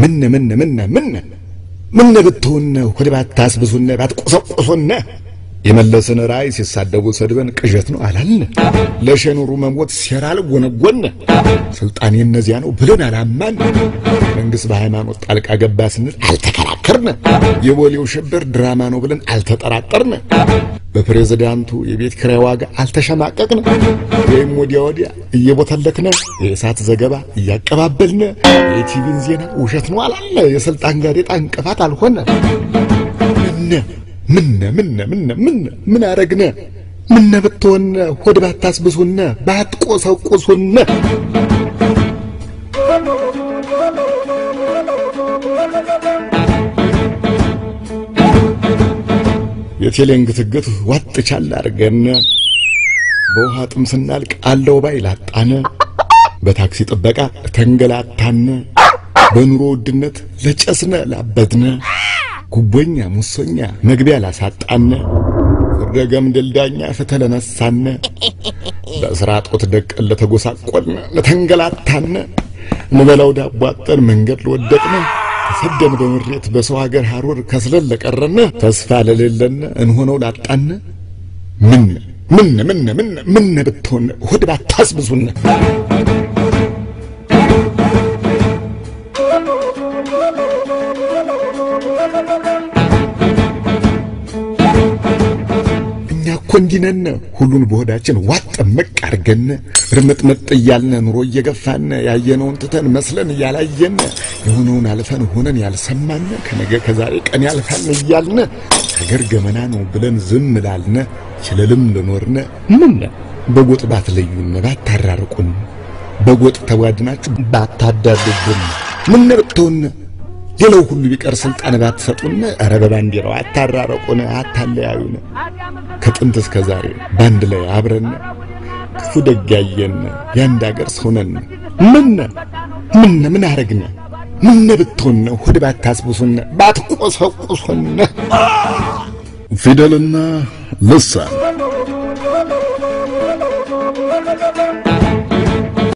ምን ምን ምን ምን ምን ብትውነ ሁድ ባታስብሱነ ባትቆሰቆሱነ የመለስን ራእይ ሲሳደቡ ሰድበን ቅዠት ነው አላልነ። ለሸኑሩ መሞት ሴራ አልጎነጎነ። ስልጣን እነዚያ ነው ብለን አላማን። መንግሥት በሃይማኖት ጣልቃ ገባ ስንል አልተከራከርነ። የቦሌው ሽብር ድራማ ነው ብለን አልተጠራጠርነ። በፕሬዝዳንቱ የቤት ኪራይ ዋጋ አልተሸማቀቅን ወይም ወዲያ ወዲያ እየቦተለክነ፣ የእሳት ዘገባ እያቀባበልነ፣ የቲቪን ዜና ውሸት ነው አላልነ። የስልጣን ጋዜጣ እንቅፋት አልሆነ። ምነ ምነ ምነ ምነ ምን አረግነ ምነ ብትሆነ ሆድ ባታስብሱነ ባትቆሰቁሱነ የቴሌን ግትግት ዋጥ ቻል አድርገን በውሃ ጥም ስናልቅ አለው ባይ ላጣነ በታክሲ ጥበቃ ተንገላታነ በኑሮ ውድነት ለጨስነ ላበድነ ጉቦኛ ሙሶኛ መግቢያ ላሳጣነ ፍርደ ገምድል ዳኛ ፍትህ ለነሳነ በስራ ጦት ደቀን ለተጎሳቆልነ ለተንገላታነ ንበላው ዳቦ መንገድ ለወደቅነ ተሰደም በምሬት በሰው ሀገር ሀሩር ከስለን ለቀረነ ተስፋ ለሌለነ እንሆነው ላጣነ ምን ምን ምን ምን ምን ብትሆነ ሆድ ባታስብዙነ እኛ እኮ እንዲነን ሁሉን በሆዳችን ዋጥ ምቅ አድርገን ርምጥምጥ እያልን ኑሮ እየገፋን ያየነውን ትተን መስለን እያላየን የሆነውን አልፈን ሆነን ያልሰማን ከነገ ከዛሬ ቀን ያልፋን እያልን ሀገር ገመና ነው ብለን ዝም ላልን ችልልም ልኖርን ምን በጎጥ ባትለዩን ባታራርቁን በጎጥ ተጓድናችሁ ባታዳሉብን ምን ነርቶን ሌላው ሁሉ ቢቀር ስልጣን ባትሰጡን፣ ኧረ በባንዲራው አታራረቁን፣ አታለያዩን። ከጥንት እስከ ዛሬ ባንድ ላይ አብረን ክፉ ደግ ያየን የአንድ አገር ሰው ነን። ምን ምን ምን አረግነ? ምን ብትሆን ሆድ ባታስብሱን፣ ባትቆሰቁሱን። ፊደልና ልሳን